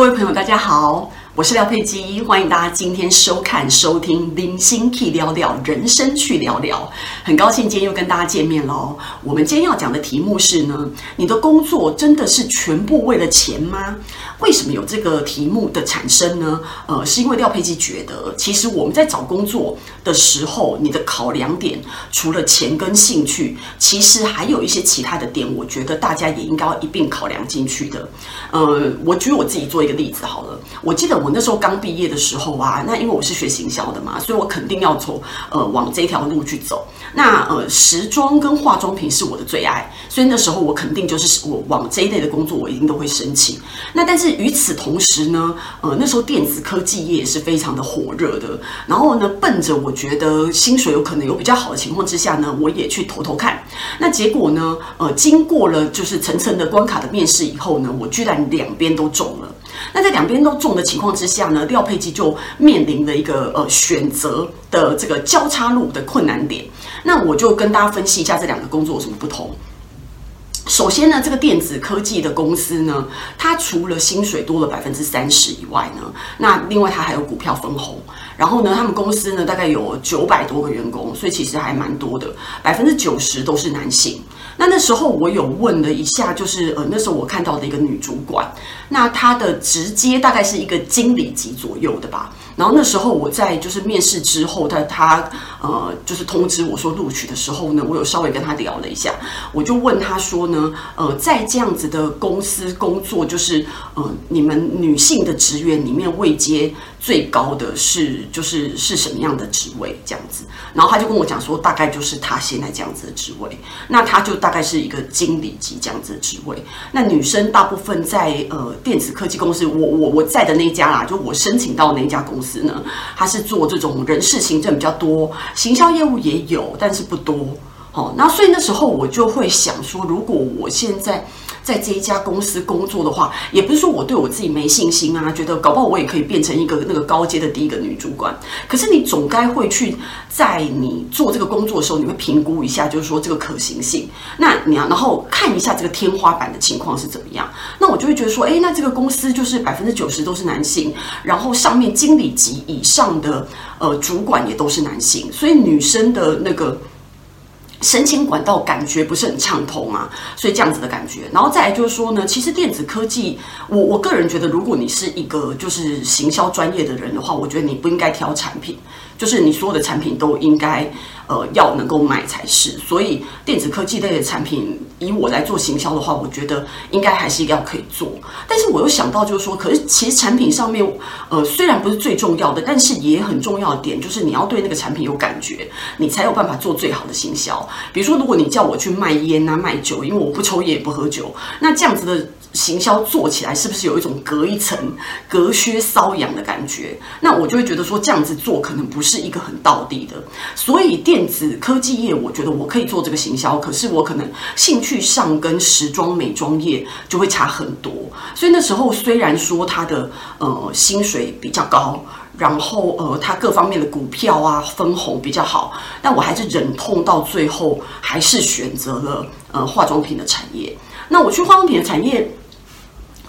各位朋友，大家好。我是廖佩基，歡迎大家今天收看、收聽《零星去聊聊人生去聊聊》聊聊，很高興今天又跟大家見面嘍。我們今天要講的題目是呢，你的工作真的是全部為了錢嗎？為什麼有這個題目的產生呢？呃，是因為廖佩基覺得，其實我們在找工作的時候，你的考量點除了錢跟興趣，其實還有一些其他的點，我覺得大家也應該要一併考量進去的。呃，我舉我自己做一個例子好了，我記得我。那時候剛畢業的時候啊，那因為我是學行銷的嘛，所以我肯定要從呃往這條路去走。那呃，時裝跟化妝品是我的最愛，所以那時候我肯定就是我往這一類的工作，我一定都會申請。那但是與此同時呢，呃，那時候電子科技業也，也是非常的火熱的。然後呢，奔着我覺得薪水有可能有比較好的情況之下呢，我也去投投看。那結果呢，呃，經過了就是層層的關卡的面試以後呢，我居然兩邊都中了。那在兩邊都重的情況之下呢，廖佩基就面臨了一個呃選擇的這個交叉路的困難點。那我就跟大家分析一下這兩個工作有什麼不同。首先呢，這個電子科技的公司呢，它除了薪水多了百分之三十以外呢，那另外它還有股票分紅。然後呢，他們公司呢大概有九百多個員工，所以其實還蠻多的，百分之九十都是男性。那那時候我有問了一下，就是呃那時候我看到的一個女主管。那他的直接大概是一個經理級左右的吧。然後那時候我在就是面試之後，他他呃就是通知我說錄取的時候呢，我有稍微跟他聊了一下，我就問他說呢，呃，在這樣子的公司工作，就是呃你們女性的職員裡面未接。最高的是就是是什麼樣的職位這樣子，然後他就跟我講說，大概就是他現在這樣子的職位，那他就大概是一個經理級這樣子的職位。那女生大部分在呃電子科技公司，我我我在的那一家啦，就我申請到的那一家公司呢，它是做這種人事行政比較多，行銷業務也有，但是不多。好、哦，那所以那時候我就會想說，如果我現在。在這一家公司工作的話，也不是說我對我自己沒信心啊，覺得搞不好我也可以變成一個那個高階的第一個女主管。可是你總該會去在你做這個工作的時候，你會評估一下，就是說這個可行性。那你要、啊、然後看一下這個天花板的情況是怎麼樣。那我就會覺得說，哎、欸，那這個公司就是百分之九十都是男性，然後上面經理級以上的呃主管也都是男性，所以女生的那個。升遷管道感覺不是很暢通嘛、啊，所以這樣子的感覺。然後再來就是說呢，其實電子科技，我我個人覺得，如果你是一個就是行銷專業的人的話，我覺得你不應該挑產品，就是你所有的產品都應該。呃，要能夠賣才是，所以電子科技類的產品，以我來做行銷的話，我覺得應該還是一樣要可以做。但是我又想到就是說，可是其實產品上面，呃，雖然不是最重要的，但是也很重要的點就是你要對那個產品有感覺，你才有辦法做最好的行銷。比如說，如果你叫我去賣煙啊、賣酒，因為我不抽煙也不喝酒，那這樣子的。行銷做起來是不是有一種隔一層、隔靴搔癢的感覺？那我就會覺得說這樣子做可能不是一個很到底的。所以電子科技業，我覺得我可以做這個行銷，可是我可能興趣上跟時裝美妝業就會差很多。所以那時候雖然說它的呃薪水比較高，然後呃它各方面的股票啊分紅比較好，但我還是忍痛到最後還是選擇了呃化妝品的產業。那我去化妝品的產業。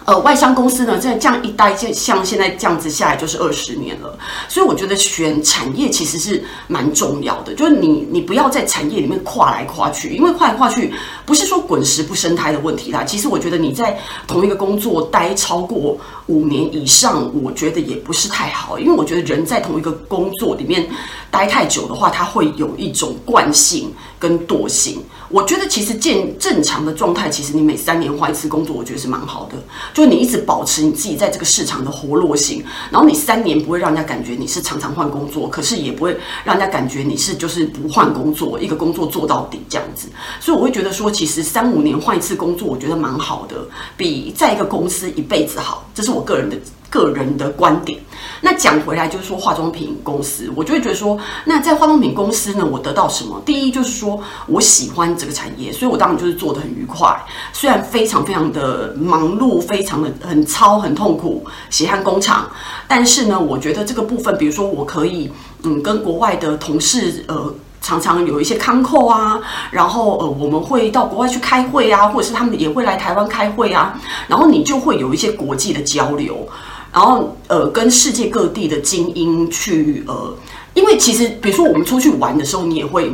呃，外商公司呢，在這樣一待，像像現在這樣子下來就是二十年了，所以我覺得選產業其實是蠻重要的，就是你你不要在產業裡面跨來跨去，因為跨來跨去不是說滾石不生苔的問題啦。其實我覺得你在同一個工作待超過五年以上，我覺得也不是太好，因為我覺得人在同一個工作裡面待太久的話，它會有一種慣性跟惰性。我覺得其實見正常的狀態，其實你每三年換一次工作，我覺得是蠻好的。就你一直保持你自己在這個市場的活絡性，然後你三年不會讓人家感覺你是常常換工作，可是也不會讓人家感覺你是就是不換工作，一個工作做到底這樣子。所以我會覺得說，其實三五年換一次工作，我覺得蠻好的，比在一個公司一輩子好。這是我個人的。個人的觀點，那講回來就是說化妝品公司，我就會覺得說，那在化妝品公司呢，我得到什麼？第一就是說我喜歡這個產業，所以我當然就是做得很愉快。雖然非常非常的忙碌，非常的很操，很痛苦，血汗工廠，但是呢，我覺得這個部分，比如說我可以嗯跟國外的同事呃常常有一些康扣啊，然後呃我們會到國外去開會啊，或者是他們也會來台灣開會啊，然後你就會有一些國際的交流。然後，呃，跟世界各地的精英去，呃，因為其實，比如說我們出去玩的時候，你也會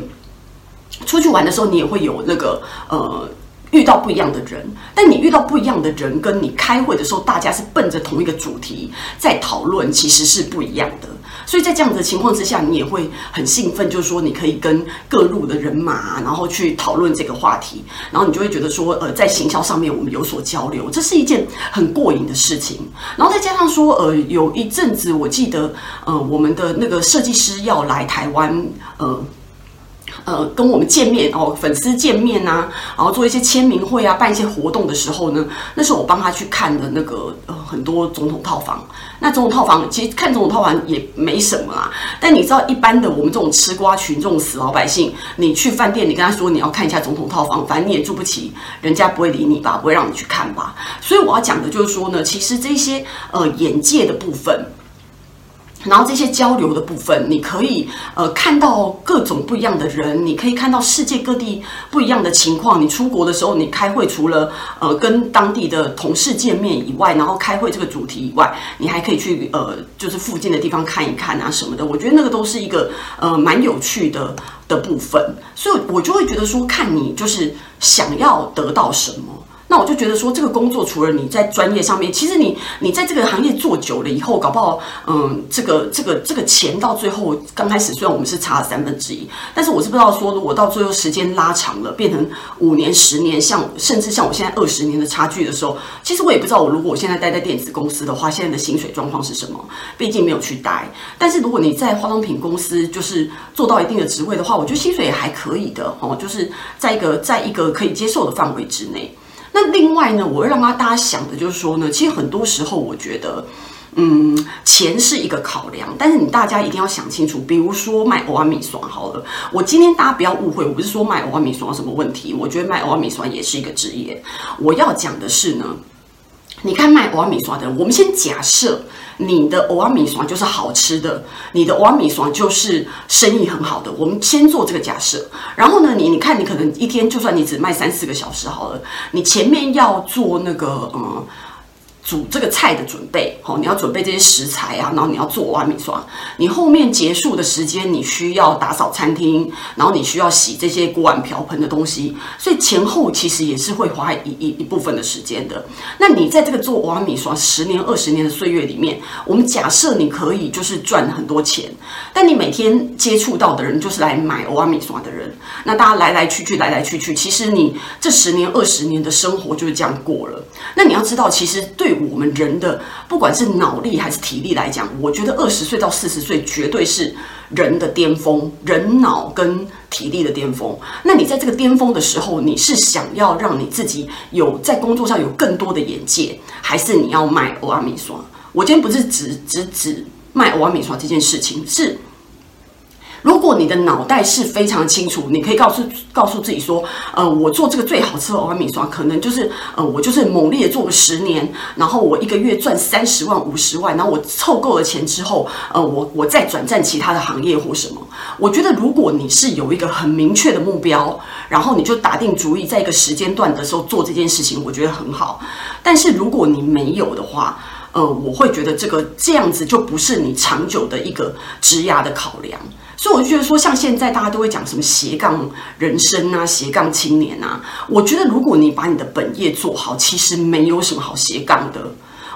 出去玩的時候，你也會有那個，呃。遇到不一樣的人，但你遇到不一樣的人，跟你開會的時候，大家是奔着同一個主題在討論，其實是不一樣的。所以在這樣的情況之下，你也會很興奮，就是說你可以跟各路的人馬，然後去討論這個話題，然後你就會覺得說，呃，在行銷上面我們有所交流，這是一件很過癮的事情。然後再加上說，呃，有一陣子我記得，呃，我們的那個設計師要來台灣，呃。呃，跟我們見面哦，粉絲見面吶，然後做一些簽名會啊，辦一些活動的時候呢，那時候我幫他去看的那個呃很多總統套房。那總統套房其實看總統套房也沒什麼啦，但你知道一般的我們這種吃瓜群眾、死老百姓，你去飯店，你跟他說你要看一下總統套房，反正你也住不起，人家不會理你吧，不會讓你去看吧。所以我要講的就是說呢，其實這些呃眼界的部分。然後這些交流的部分，你可以呃看到各種不一樣的人，你可以看到世界各地不一樣的情況。你出國的時候，你開會除了呃跟當地的同事見面以外，然後開會這個主題以外，你還可以去呃就是附近的地方看一看啊什麼的。我覺得那個都是一個呃蠻有趣的的部分，所以我就會覺得說，看你就是想要得到什麼。那我就覺得說，這個工作除了你在專業上面，其實你你在這個行業做久了以後，搞不好，嗯，這個這個這個錢到最後剛開始雖然我們是差了三分之一，但是我是不知道說，如果到最後時間拉長了，變成五年、十年，像甚至像我現在二十年的差距的時候，其實我也不知道我如果我現在待在電子公司的話，現在的薪水狀況是什麼，畢竟沒有去待。但是如果你在化妝品公司就是做到一定的職位的話，我覺得薪水也還可以的哦，就是在一個在一個可以接受的範圍之內。那另外呢，我會讓大大家想的就是說呢，其實很多時候我覺得，嗯，錢是一個考量，但是你大家一定要想清楚。比如說賣蚵仔麵線好了，我今天大家不要誤會，我不是說賣蚵仔麵線有什麼問題，我覺得賣蚵仔麵線也是一個職業。我要講的是呢。你看賣蚵仔麵線的，我們先假設你的蚵仔麵線就是好吃的，你的蚵仔麵線就是生意很好的。我們先做這個假設，然後呢，你你看你可能一天就算你只賣三四個小時好了，你前面要做那個嗯。煮這個菜的準備，好、哦，你要準備這些食材啊，然後你要做蚵仔麵線，你後面結束的時間，你需要打掃餐廳，然後你需要洗這些鍋碗瓢盆的東西，所以前後其實也是會花一一一部分的時間的。那你在這個做蚵仔麵線十年二十年的歲月裡面，我們假設你可以就是賺很多錢，但你每天接觸到的人就是來買蚵仔麵線的人，那大家來來去去，來來去去，其實你這十年二十年的生活就是這樣過了。那你要知道，其實對。我們人的不管是腦力還是體力來講，我覺得二十歲到四十歲絕對是人的巔峰，人腦跟體力的巔峰。那你在這個巔峰的時候，你是想要讓你自己有在工作上有更多的眼界，還是你要賣歐亞米刷？我今天不是只只只賣歐亞米刷這件事情，是。如果你的腦袋是非常清楚，你可以告訴告訴自己說，呃，我做這個最好吃的歐米霜，可能就是呃，我就是努力的做了十年，然後我一個月賺三十萬、五十萬，然後我湊夠了錢之後，呃，我我再轉戰其他的行業或什麼。我覺得如果你是有一個很明確的目標，然後你就打定主意在一個時間段的時候做這件事情，我覺得很好。但是如果你沒有的話，呃，我會覺得這個這樣子就不是你長久的一個職業的考量。所以我就覺得說，像現在大家都會講什麼斜槓人生啊、斜槓青年啊，我覺得如果你把你的本業做好，其實沒有什麼好斜槓的。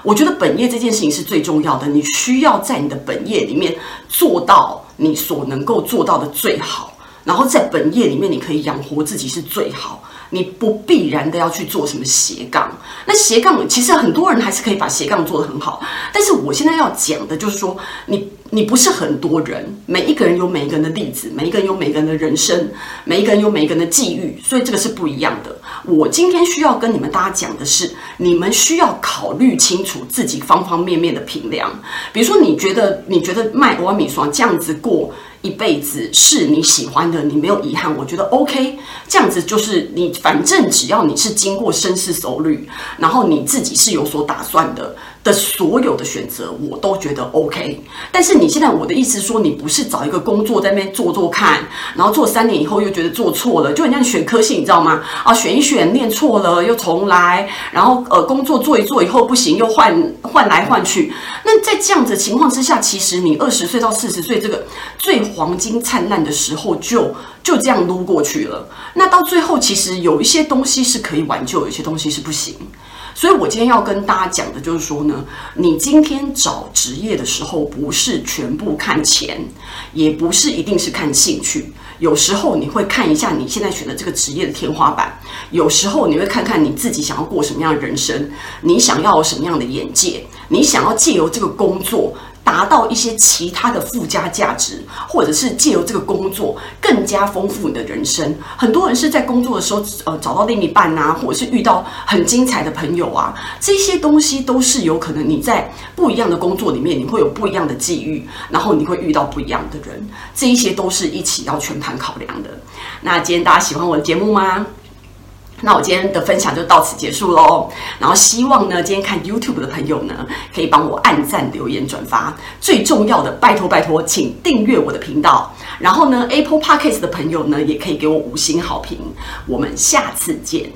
我覺得本業這件事情是最重要的，你需要在你的本業裡面做到你所能夠做到的最好。然後在本業裡面，你可以養活自己是最好，你不必然的要去做什麼斜槓。那斜槓其實很多人還是可以把斜槓做得很好，但是我現在要講的就是說，你你不是很多人，每一個人有每一個人的例子，每一個人有每個人的人生，每一個人有每一個人的際遇，所以這個是不一樣的。我今天需要跟你們大家講的是，你們需要考慮清楚自己方方面面的評量。比如說你，你覺得你覺得賣歐米雙這樣子過一輩子是你喜歡的，你沒有遺憾，我覺得 OK。這樣子就是你，反正只要你是經過深思熟慮，然後你自己是有所打算的。的所有的選擇我都覺得 OK，但是你現在我的意思說，你不是找一個工作在那邊做做看，然後做三年以後又覺得做錯了，就很像選科系，你知道嗎？啊，選一選，念錯了又重來，然後呃，工作做一做以後不行又換，換來換去，那在這樣子情況之下，其實你二十歲到四十歲這個最黃金燦爛的時候就就這樣擼過去了。那到最後，其實有一些東西是可以挽救，有一些東西是不行。所以，我今天要跟大家講的就是說呢，你今天找職業的時候，不是全部看錢，也不是一定是看興趣。有時候你會看一下你現在選擇這個職業的天花板，有時候你會看看你自己想要過什麼樣的人生，你想要什麼樣的眼界，你想要借由這個工作。達到一些其他的附加價值，或者是借由這個工作更加豐富你的人生。很多人是在工作的時候，呃，找到另一半吶啊，或者是遇到很精彩的朋友啊，這些東西都是有可能你在不一樣的工作裡面，你會有不一樣的際遇，然後你會遇到不一樣的人，這一些都是一起要全盤考量的。那今天大家喜歡我的節目嗎？那我今天的分享就到此結束嘍。然後希望呢，今天看 YouTube 的朋友呢，可以幫我按贊、留言、轉發。最重要的，拜托拜托，請訂閱我的頻道。然後呢，Apple Podcasts 的朋友呢，也可以給我五星好評。我們下次見。